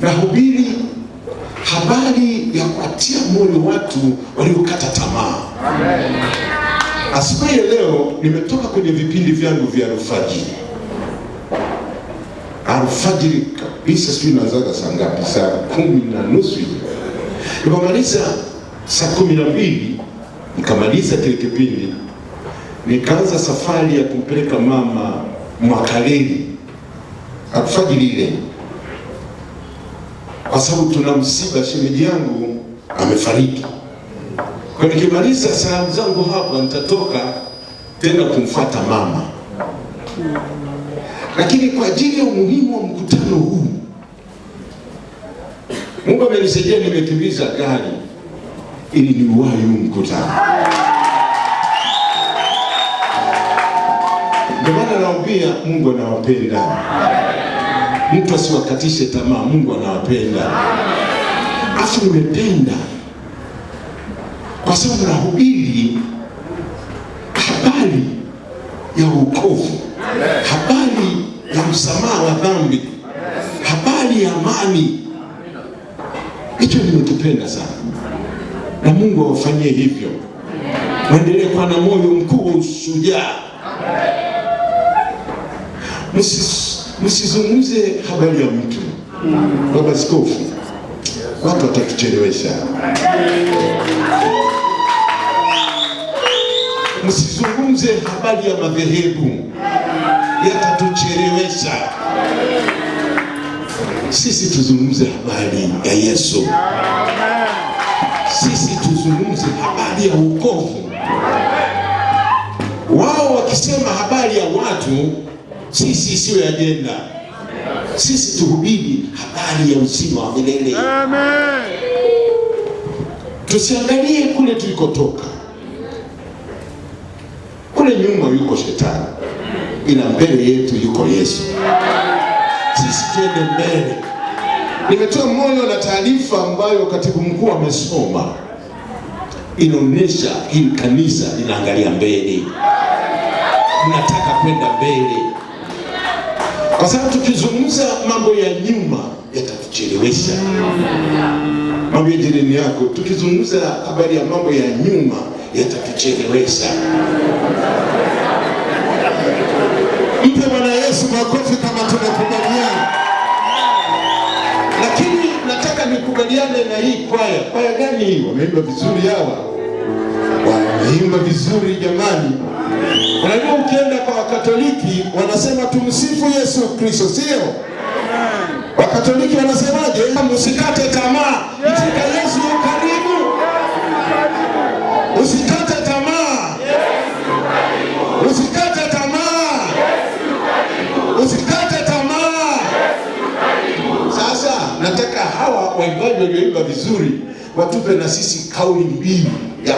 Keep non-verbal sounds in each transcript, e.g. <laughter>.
nahubiri habari ya kuatia moyo watu waliokata tamaa. Asubuhi ya leo nimetoka kwenye vipindi vyangu vya alfajiri, alfajiri kabisa, sijui nazaga saa ngapi, saa kumi na nusu nikamaliza saa kumi na mbili nikamaliza kile kipindi, nikaanza safari ya kumpeleka mama Mwakaleli alfajiri ile kwa sababu tuna msiba, shemeji yangu amefariki. Kwa nikimaliza salamu zangu hapa, nitatoka tena kumfuata mama, lakini kwa ajili ya umuhimu wa mkutano huu, Mungu amenisaidia, nimetimiza gari ili niuwahi huu mkutano. Ndio maana naambia Mungu anawapenda. Mtu asiwakatishe tamaa, Mungu anawapenda. Afu nimependa kwa sababu nahubiri habari ya wokovu, habari ya msamaha wa dhambi, habari ya amani. Hicho nimekipenda sana, na Mungu awafanyie hivyo, waendelee kuwa na moyo mkuu wa ushujaa msizungumze habari ya mtu. Baba Askofu, watu watatuchelewesha. Msizungumze habari ya madhehebu, yatatuchelewesha. Sisi tuzungumze habari ya Yesu. Sisi tuzungumze habari ya wokovu. Wao wakisema habari ya watu sisi siyo ajenda, sisi tuhubiri habari ya uzima wa milele. Amen. Tusiangalie kule tulikotoka. Kule nyuma yuko shetani, ila mbele yetu yuko Yesu. Sisi tuende mbele. Nimetoa moyo na taarifa ambayo katibu mkuu amesoma, inaonyesha hili kanisa linaangalia mbele, nataka kwenda mbele kwa sababu tukizungumza mambo ya nyuma yatatuchelewesha mambo ya jirani yako. Tukizungumza habari ya mambo ya nyuma yatatuchelewesha. Mpe Bwana Yesu makofi kama tunakubaliana. Lakini nataka nikubaliane na hii kwaya. Kwaya gani hii? Wameimba vizuri hawa, wameimba vizuri jamani. Unajua, ukienda kwa Wakatoliki wanasema tumsifu Yesu Kristo, sio? Wakatoliki wanasemaje? Msikate tamaa, mfika Yesu karibu, usikate tamaa, usikate tamaa, usikate tamaa. Sasa nataka hawa waimbaji walioimba vizuri watupe na sisi kauli mbili ya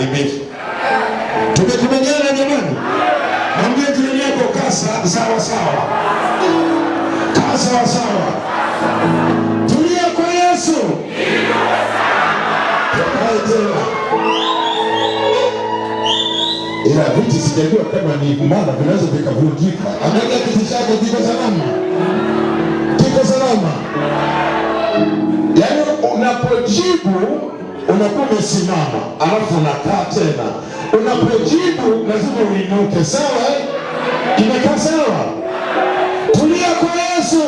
uharibifu. Tumekubaliana jamani? Mwambie jirani yako kasa sawa sawa, kasa sawa. Tulia kwa Yesu. Ila viti sijajua kama ni imara vinaweza vikavunjika. Anaweka kiti chake kiko salama, kiko salama. Yaani unapojibu unakuwa umesimama, alafu unakaa tena. Unapojibu lazima uinuke. Sawa, Kimekaa sawa? Tulia kwa Yesu.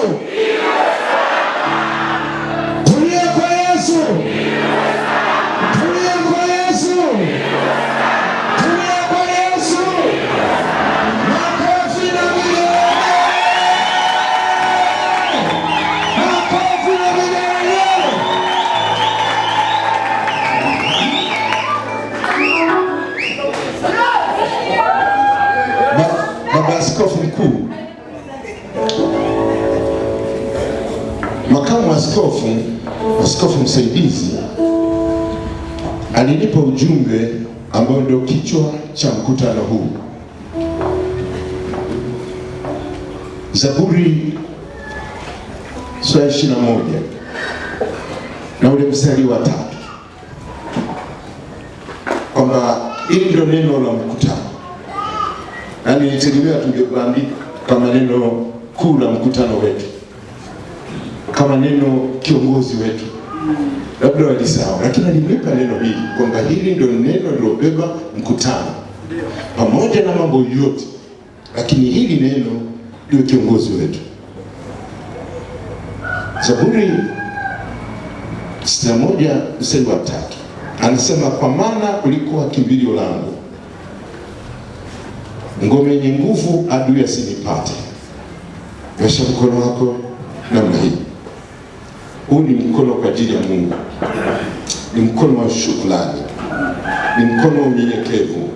askofu, askofu msaidizi alinipa ujumbe ambao ndio kichwa cha mkutano huu, Zaburi sura ishirini na moja na ule mstari wa tatu kwamba hili ndio neno la mkutano, na nilitegemea tungebandika kama neno kuu la mkutano wetu kama neno kiongozi wetu, labda walisahau, lakini alilipa neno hili kwamba hili ndio neno lilobeba mkutano pamoja na mambo yote, lakini hili neno ndio kiongozi wetu. Zaburi sitini na moja mstari wa tatu anasema kwa maana ulikuwa kimbilio langu, ngome yenye nguvu, adui asinipate. Nyosha mkono wako namna hii. Huu ni mkono kwa ajili ya Mungu, ni mkono wa shukrani, ni mkono wa unyenyekevu,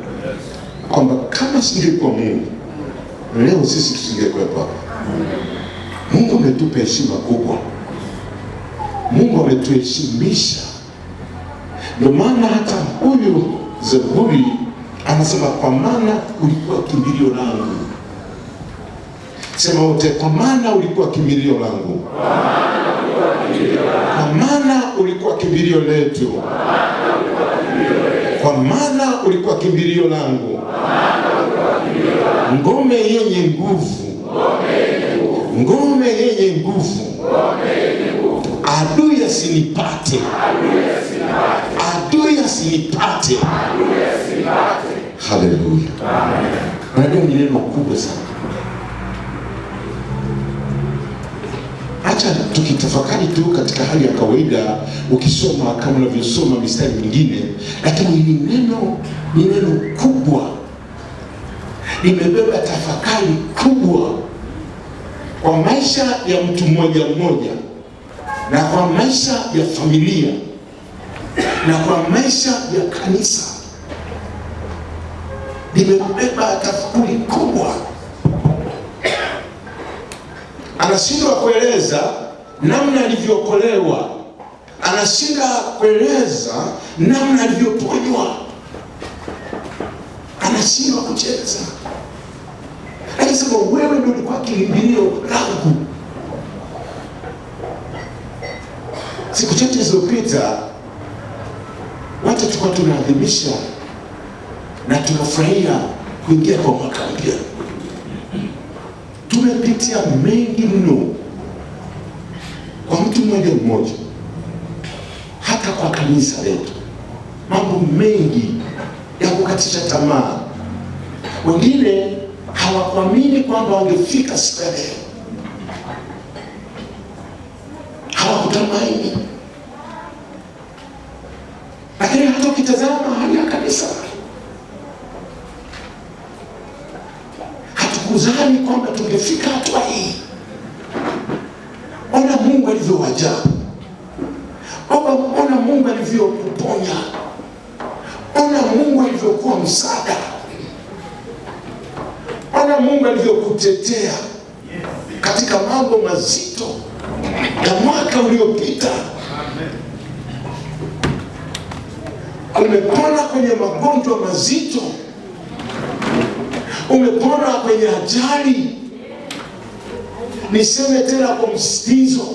kwamba kama singekuwa Mungu leo sisi tusingekuwepo hapa. Mungu ametupa heshima kubwa, Mungu ametuheshimisha. Ndio maana hata huyu Zaburi anasema kwa maana ulikuwa kimbilio langu. Sema wote, kwa maana ulikuwa kimbilio langu, kwa maana ulikuwa kimbilio letu, kwa maana ulikuwa kimbilio langu, ngome yenye nguvu, ngome yenye nguvu, adui asinipate, adui asinipate. Haleluya! Najua ni neno kubwa sana hata tukitafakari tu katika hali ya kawaida, ukisoma kama unavyosoma mistari mingine, lakini ni neno, ni neno kubwa, imebeba tafakari kubwa kwa maisha ya mtu mmoja mmoja, na kwa maisha ya familia, na kwa maisha ya kanisa, limebeba tafakuri kubwa anashindwa kueleza namna alivyookolewa, anashindwa kueleza namna alivyoponywa, anashindwa kucheza. Anasema wewe ndio ulikuwa kimbilio langu. Siku chache zilizopita watu tulikuwa tunaadhimisha na tunafurahia kuingia kwa mwaka mpya tumepitia mengi mno kwa mtu mmoja mmoja, hata kwa kanisa letu, mambo mengi ya kukatisha tamaa. Wengine hawakuamini kwamba wangefika siku ya leo umepona kwenye ajali. Niseme tena kwa msitizo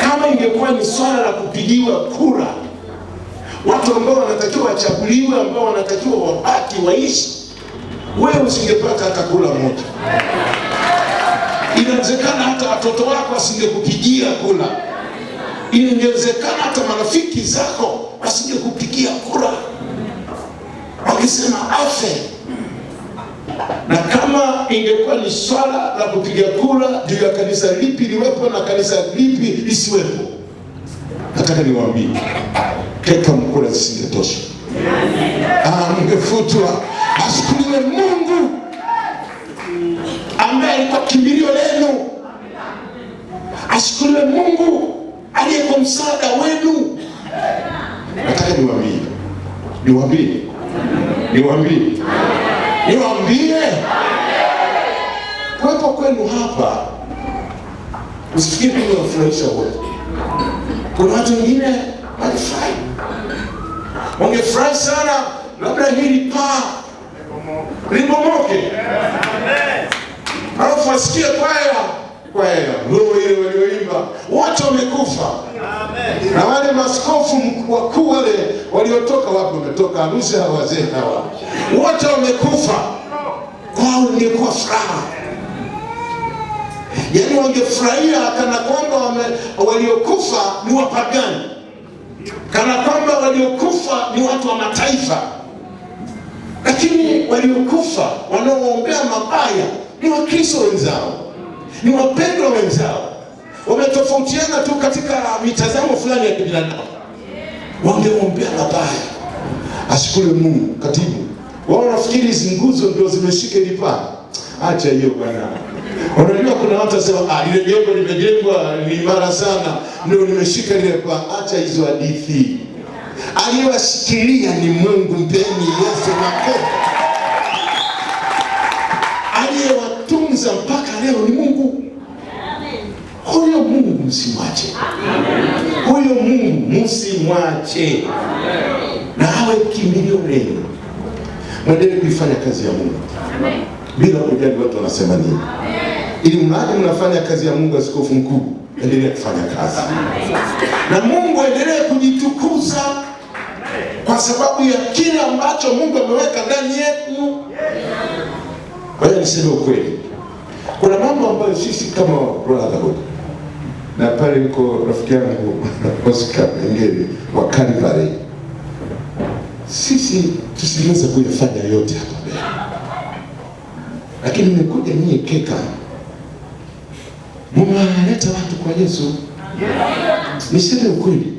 kama ingekuwa ni swala la kupigiwa kura, watu ambao wanatakiwa wachaguliwe, ambao wanatakiwa wabaki waishi, wewe usingepata hata kura moja. Inawezekana hata watoto wako wasingekupigia kura, ingewezekana hata marafiki zako wasingekupigia kura, wakisema afe na kama ingekuwa ni swala la kupiga kura juu ya kanisa lipi liwepo na kanisa lipi lisiwepo, nataka niwaambie keka mkura zisingetosha, ah, mngefutwa. Ashukuriwe Mungu ambaye alikuwa kimbilio lenu. Ashukuriwe Mungu aliyekuwa msaada wenu. Nataka niwaambie, niwaambie, niwaambie, niwaambie Kuwepo kwenu hapa usifikiri tumewafurahisha wote. Kuna watu wengine walifurahi, wangefurahi sana labda hili paa libomoke, alafu wasikie kwaya kwaya roho ile walioimba wote wamekufa, na wale maskofu wakuu wale waliotoka wapi? Wametoka Arusha, wazee hawa wote wamekufa kwao, ingekuwa furaha yaani wangefurahia kana kwamba waliokufa ni wapagani, kana kwamba waliokufa ni watu wa mataifa, lakini waliokufa wanaoombea mabaya ni Wakristo wenzao, ni wapendwa wenzao. Wametofautiana tu katika mitazamo fulani ya kibinadamu, wangeombea mabaya. Ashukuru Mungu. Katibu wao, nafikiri hizi nguzo ndio zimeshika ilipaa Acha hiyo bwana. Unajua, kuna watu wasema, ah, lile jengo limejengwa ni imara sana, ndio nimeshika lile kwa. Acha hizo hadithi, aliyewashikilia ni Mungu. Mpeni Yesu makofi. Aliyewatunza mpaka leo ni Mungu. Huyo Mungu msimwache, huyo Mungu msimwache, na awe kimbilio leo, Mwendelee kuifanya kazi ya Mungu. Amen bila kujali watu wanasema nini, ili mradi mnafanya kazi ya Mungu. Askofu mkuu, endelea kufanya kazi na Mungu, endelee kujitukuza kwa sababu ya kila ambacho Mungu ameweka ndani yetu. Kwa hiyo niseme ukweli, kuna mambo ambayo sisi kama brotherhood na pale yuko rafiki yangu <laughs> Oscar Mengele wa Calvary, sisi tusiweza kuyafanya yote hapa mbele lakini mmekuja nyinyi KECA, mumewaleta watu kwa Yesu. Niseme ukweli,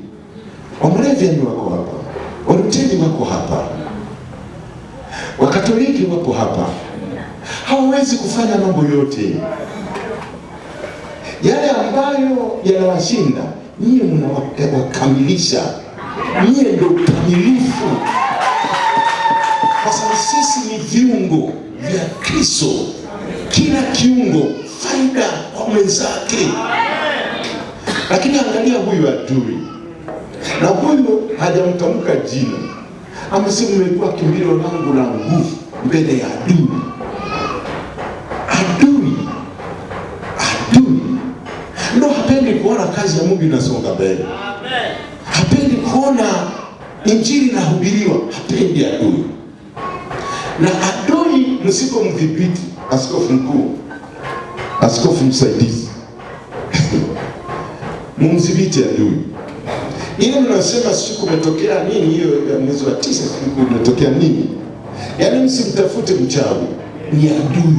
wamrevyani wako hapa, waruteni wako hapa, wakatoliki wako hapa. Hawawezi kufanya mambo yote yale ambayo yanawashinda nyie, mnawakamilisha nyie, ndio ukamilifu, kwa sababu sisi ni viungo vya Kristo, kila kiungo faida kwa mwenzake. Lakini angalia huyu adui, na huyu hajamtamka jina, amesema umekuwa kimbilio langu la nguvu mbele ya adui. Adui, adui ndo hapendi kuona kazi ya Mungu inasonga mbele, hapendi kuona injili inahubiriwa, hapendi adui na adui msipomdhibiti askofu mkuu, askofu msaidizi <laughs> mumdhibiti adui. Ile mnasema siku kumetokea nini, hiyo ya mwezi wa tisa siku kumetokea nini? Yaani msimtafute mchawi, ni adui.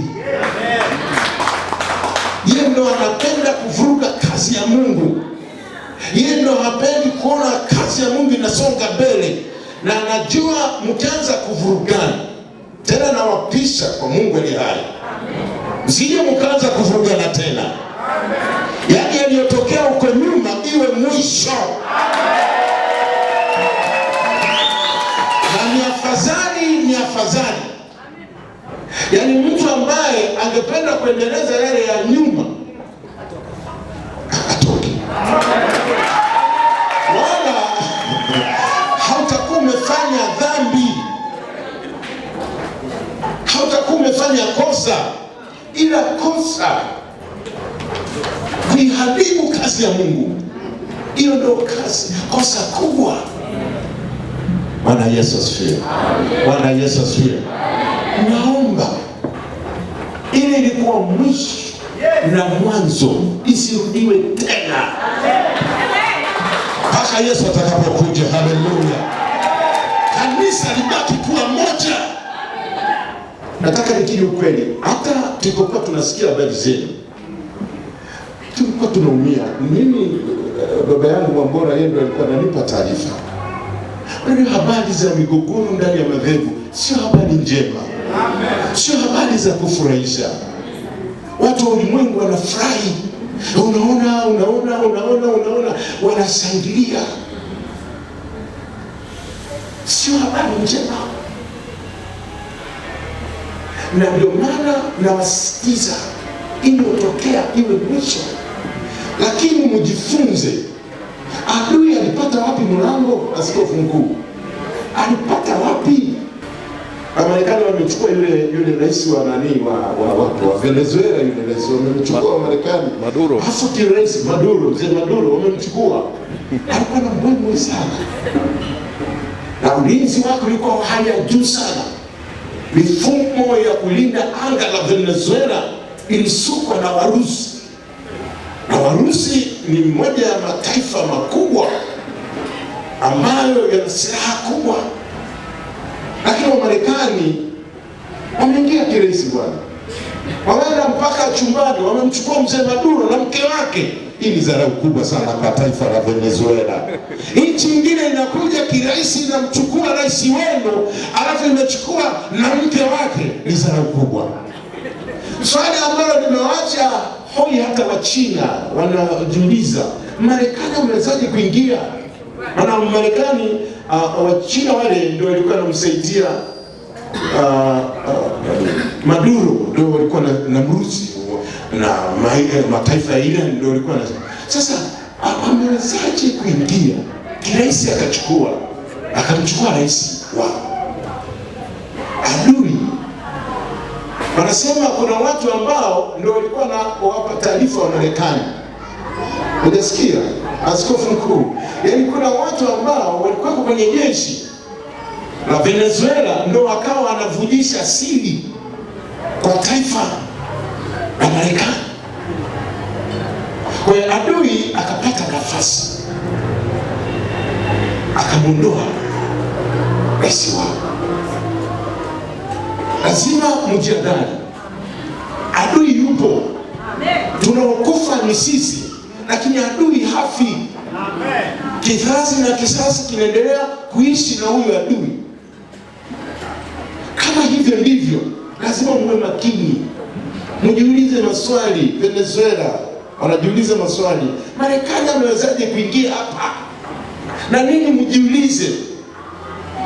Yeye ndo anapenda kuvuruga kazi ya Mungu, yeye ndo hapendi kuona kazi ya Mungu inasonga mbele, na anajua mkianza kuvurugana tena nawapisha kwa Mungu aliye hai, msije mkaanza kuvurugana tena. yani yaliyotokea huko nyuma iwe mwisho na ni afadhali, ni afadhali. yani mtu ambaye angependa kuendeleza yale ya nyuma kama utakuwa umefanya kosa, ila kosa kuiharibu kazi ya Mungu, hiyo ndio kazi kosa kubwa. Bwana Yesu asifiwe! Bwana Yesu asifiwe! Naomba ili ilikuwa mwisho na mwanzo isirudiwe tena mpaka Yesu atakapokuja. Haleluya! Kanisa libaki kuwa moja. Nataka nikiri ukweli, hata tulipokuwa tunasikia habari zenu tulikuwa tunaumia. Mimi eh, baba yangu Wambora, yeye ndo alikuwa ananipa taarifa. Habari za migogoro ndani ya madhehebu sio habari njema, sio habari za kufurahisha. Watu wa ulimwengu wanafurahi, unaona, unaona, unaona, unaona, wanashangilia, sio habari njema na ndio maana ili iliyotokea iwe mwisho, lakini mjifunze. Adui alipata wapi mlango? Askofu mkuu alipata wapi? Wamarekani wamechukua yule yule rais wa nani wa wa watu wa Venezuela, yule rais wamemchukua Wamarekani, Maduro, hasa rais Maduro, mzee Maduro wamemchukua. Alikuwa na mbwembwe sana na ulinzi wake ulikuwa wa hali ya juu sana mifumo ya kulinda anga la Venezuela ilisukwa na Warusi, na Warusi ni mmoja ya mataifa makubwa ambayo yana silaha kubwa, lakini Wamarekani wameingia kirahisi bwana, wameenda mpaka chumbani, wamemchukua mzee Maduro na mke wake hii ni dharau kubwa sana kwa taifa la Venezuela. Nchi ingine inakuja kirahisi, inamchukua rais wenu, alafu inachukua na mke wake. Ni dharau kubwa. Swali ambalo limewacha hoi hata Wachina wanajiuliza, Marekani wamewezaje kuingia? Maana Marekani uh, Wachina wale ndio walikuwa wanamsaidia uh, uh, Maduro, ndio walikuwa na, na mruzi na mataifa ya ndio ilikuwa na. Sasa amewezaje kuingia kiraisi, akachukua akamchukua rais wa adui? Wanasema kuna watu ambao ndio walikuwa na wapa taarifa wa Marekani, Unasikia askofu mkuu? Yaani kuna watu ambao walikuwa kwenye jeshi la Venezuela ndio wakawa wanavujisha siri kwa taifa Marekani. Kwa hiyo adui akapata nafasi akamwondoa rais wao. Lazima mjiadani, adui yupo, tunaokufa ni sisi, lakini adui hafi. Kizazi na kizazi kinaendelea kuishi na huyu adui. Kama hivyo ndivyo, lazima muwe makini. Mjiulize maswali. Venezuela wanajiuliza maswali, Marekani amewezaje kuingia hapa na nini? Mjiulize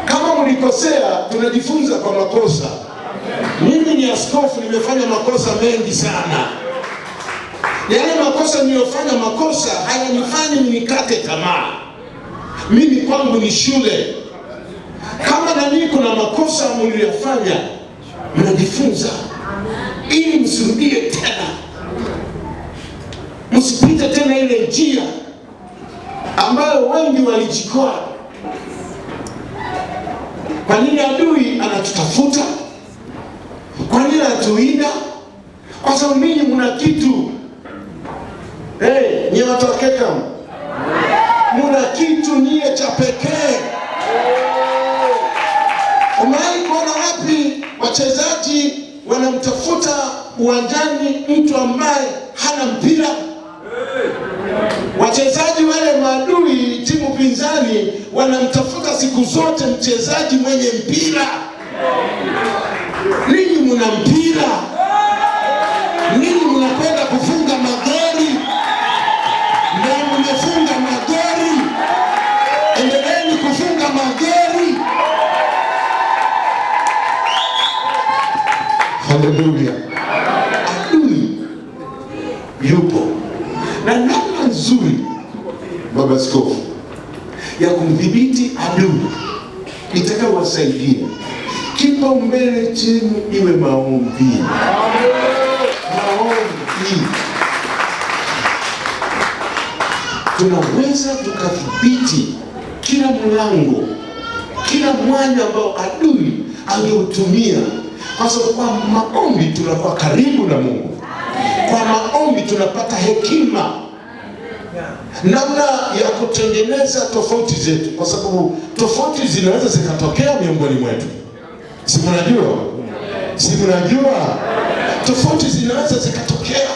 kama mlikosea, tunajifunza kwa makosa. Mimi ni askofu, nimefanya makosa mengi sana. Yale makosa niliyofanya, makosa hayanifanyi nikate tamaa. Mimi kwangu ni shule. Kama nanii kuna makosa mliyofanya, mnajifunza ili msirudie tena, msipite tena ile njia ambayo wengi walijikoa. Kwa nini adui anatutafuta? Kwa nini anatuinda? Kwa sababu ninyi mna kitu hey, nye watu wakeka muna kitu niye cha pekee. Umewahi kuona wapi wachezaji wanamtafuta uwanjani mtu ambaye hana mpira. Wachezaji wale maadui timu pinzani wanamtafuta siku zote mchezaji mwenye mpira. Ninyi mna mpira, ninyi mnakwenda Haleluya! Adui yupo na namna nzuri, baba askofu, ya kumdhibiti adui itakayowasaidia kipaumbele chenu iwe maombi, maombi. Tunaweza tukadhibiti kila mlango, kila mwanya ambao adui angeutumia kwa sababu kwa maombi tunakuwa karibu na Mungu, kwa maombi tunapata hekima namna ya kutengeneza tofauti zetu, kwa sababu tofauti zinaweza zikatokea miongoni mwetu. Si mnajua? Si mnajua? Tofauti zinaweza zikatokea.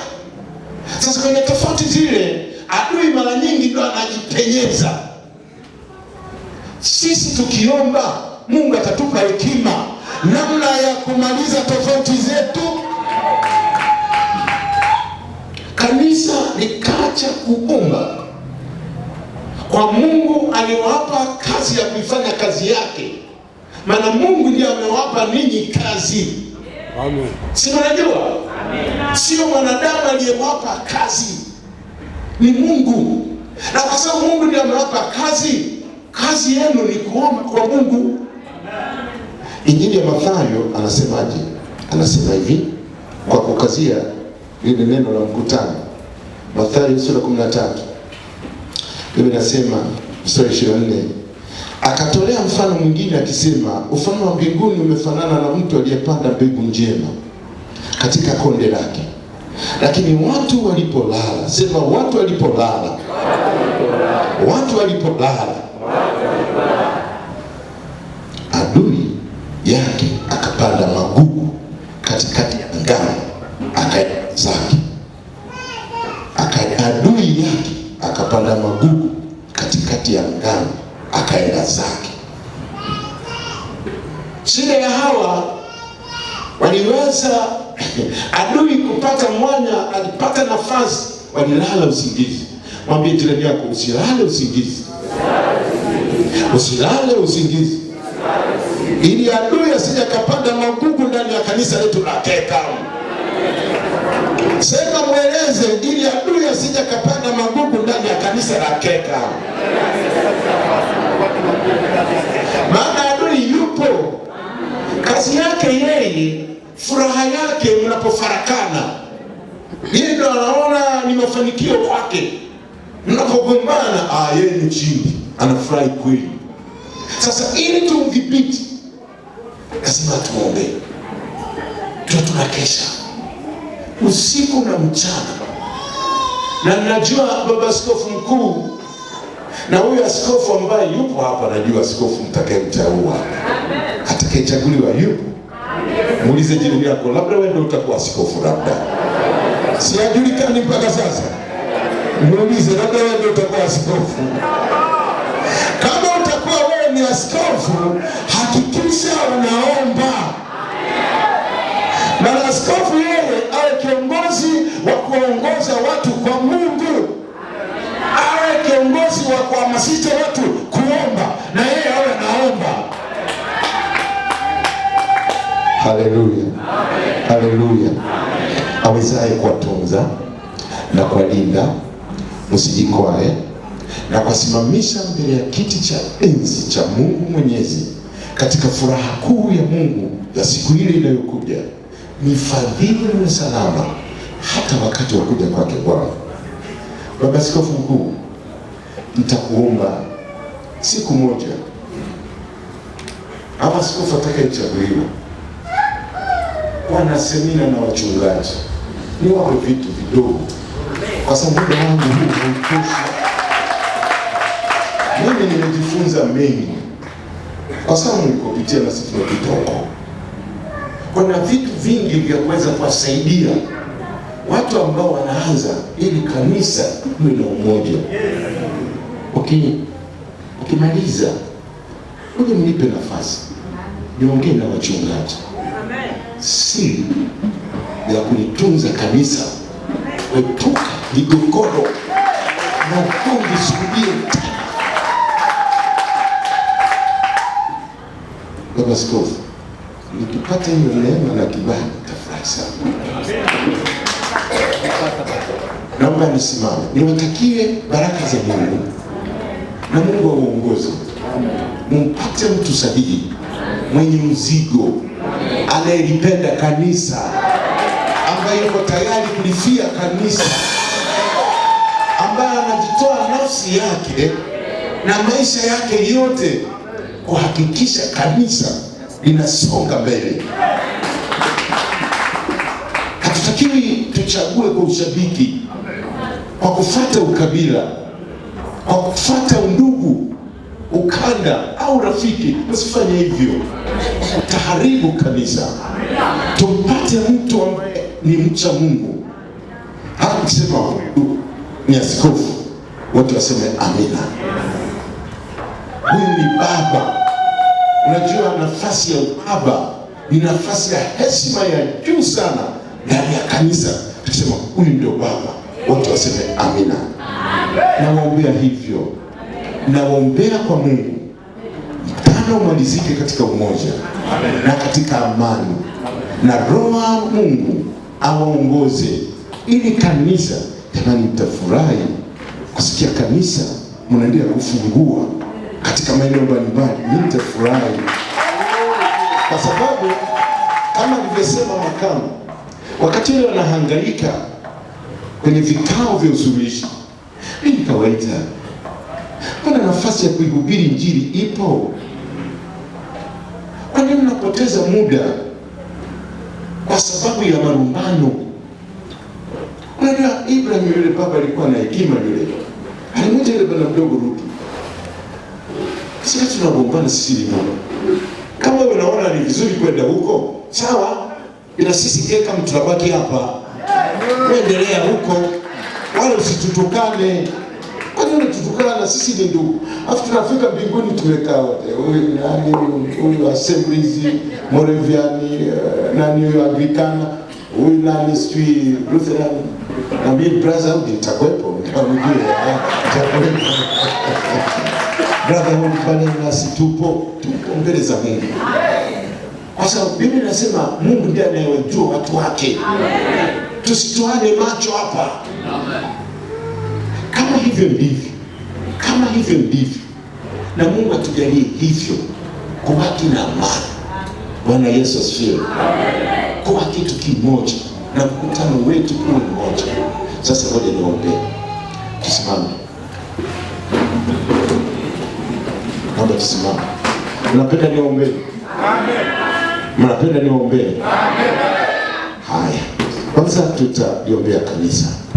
Sasa kwenye tofauti zile, adui mara nyingi ndo anajipenyeza. Sisi tukiomba Mungu atatupa hekima namna ya kumaliza tofauti zetu. Kanisa likaacha kuumba kwa Mungu aliwapa kazi ya kuifanya kazi yake, maana Mungu ndiye amewapa ninyi kazi. Amen. Si mnajua, sio mwanadamu aliyewapa kazi, ni Mungu. Na kwa sababu Mungu ndiye amewapa kazi, kazi yenu ni kuomba kwa Mungu. Injili ya Mathayo anasemaje? Anasema hivi kwa kukazia lile neno la mkutano, Mathayo sura 13 Biblia inasema mstari 24, akatolea mfano mwingine akisema, ufalme wa mbinguni umefanana na mtu aliyepanda mbegu njema katika konde lake, lakini watu walipolala, sema watu walipolala, watu walipolala yake akapanda magugu katikati ya ngano, akaenda zake. Adui yake akapanda magugu katikati ya ngano, akaenda zake. Shida ya hawa waliweza <laughs> adui kupata mwana, alipata nafasi, walilala usingizi. Mwambie jirani yako usilale usingizi, usilale usingizi ili adui asije akapanda magugu ndani ya kanisa letu la Kekamu. Sema mweleze, ili adui asije akapanda magugu ndani ya kanisa la Kekamu, maana adui yupo. Kazi yake yeye, furaha yake mnapofarakana, yeye ndo anaona ni mafanikio kwake. Mnapogombana ah, yeye ni chini, anafurahi kweli. Sasa ili tumdhibiti lazima tuombe, tuwe tunakesha usiku na mchana. Na najua baba askofu mkuu na huyu askofu ambaye yupo hapa, najua askofu mtakayemteua atakayechaguliwa yupo. Muulize jirani yako, labda wewe ndio utakuwa askofu, labda siajulikani mpaka sasa. Muulize, labda wewe ndio utakuwa askofu ni askofu, hakikisha unaomba na askofu yeye awe kiongozi wa kuongoza watu kwa Mungu, awe kiongozi wa kuhamasisha watu kuomba na yeye awe anaomba. Haleluya, haleluya. Awezaye kuwatunza na kuwalinda msijikwae na kuwasimamisha mbele ya kiti cha enzi cha Mungu Mwenyezi katika furaha kuu ya Mungu ya siku ile inayokuja. Ni fadhili na salama hata wakati wa kuja kwake Bwana. Baba Askofu Mkuu, nitakuomba siku moja ama askofu atakayechaguliwa, wana semina na wachungaji, ni wape vitu vidogo, kwa sababu muda wangu huu hautoshi mimi nimejifunza mengi kwa sababu nilikopitia na sisi kitoko. Kuna vitu vingi vya kuweza kuwasaidia watu ambao wanaanza, ili kanisa liwe na umoja. Ukimaliza uje mnipe nafasi niongee na wachungaji si ya kunitunza kanisa, epuka migogoro na ugomvi. Sikulie Baba Askofu, nikipata hiyo neema na kibali nitafurahi sana. Naomba nisimame niwatakie baraka za Mungu na Mungu awaongoze, mumpate mtu sahihi mwenye mzigo, anayelipenda kanisa, ambaye yuko tayari kulifia kanisa, ambaye anajitoa nafsi yake na maisha yake yote kuhakikisha kanisa linasonga mbele. Hatutakiwi tuchague kwa ushabiki, kwa kufata ukabila, kwa kufata undugu, ukanda au rafiki. Usifanye hivyo, utaharibu kanisa. Tumpate mtu ambaye ni mcha Mungu. Hakusema huyu ni askofu, watu waseme amina, huyu ni baba Unajua, nafasi ya ukaba ni nafasi ya heshima ya juu sana ndani ya kanisa. Tukisema huyu ndio baba, wote waseme amina. Nawaombea hivyo, nawaombea kwa Mungu mkutano umalizike katika umoja na katika amani, na roho Mungu awaongoze ili kanisa. Jamani, mtafurahi kusikia kanisa mnaendelea kufungua katika maeneo mbalimbali, nitafurahi kwa sababu kama alivyosema makamu, wakati ule wanahangaika kwenye vikao vya usuluhishi, mimi nikawaita, kuna nafasi ya kuihubiri injili ipo. Kwa nini mnapoteza muda kwa sababu ya marumbano? Unajua Ibrahim yule baba alikuwa na hekima yule, alimwita yule bwana mdogo rutu sisi tunagombana sisi lipono. Kama wewe unaona ni vizuri kwenda huko, sawa, ila sisi kama tunabaki hapa, endelea huko, wala usitutukane tutukana na sisi ni ndugu, afu tunafika mbinguni tumekaa wote, huyu nani, huyu Assemblies Moreviani, eh, nani huyu Anglikana, huyu nani sijui Lutheran, na mimi brother nitakuwepo, nitamjua <laughs> brother wangu pale nasi tupo, za Mungu kwa sababu Biblia inasema Mungu ndiye anayewajua watu wake. Tusitoane macho hapa. Kama hivyo ndivyo, kama hivyo ndivyo, na Mungu atujalie hivyo, kubaki na amani. Bwana Yesu asifiwe. Kuwa kitu kimoja na mkutano wetu kuwe mmoja. Sasa ngoja niombe, tusimame. Naomba tusimame. Mnapenda niwaombee? Amen. Mnapenda niwaombee? Amen. Haya. Kwanza tutaiombea kanisa.